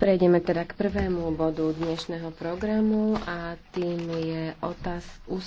Prejdeme teda k prvému bodu dnešného programu a tým je otáz,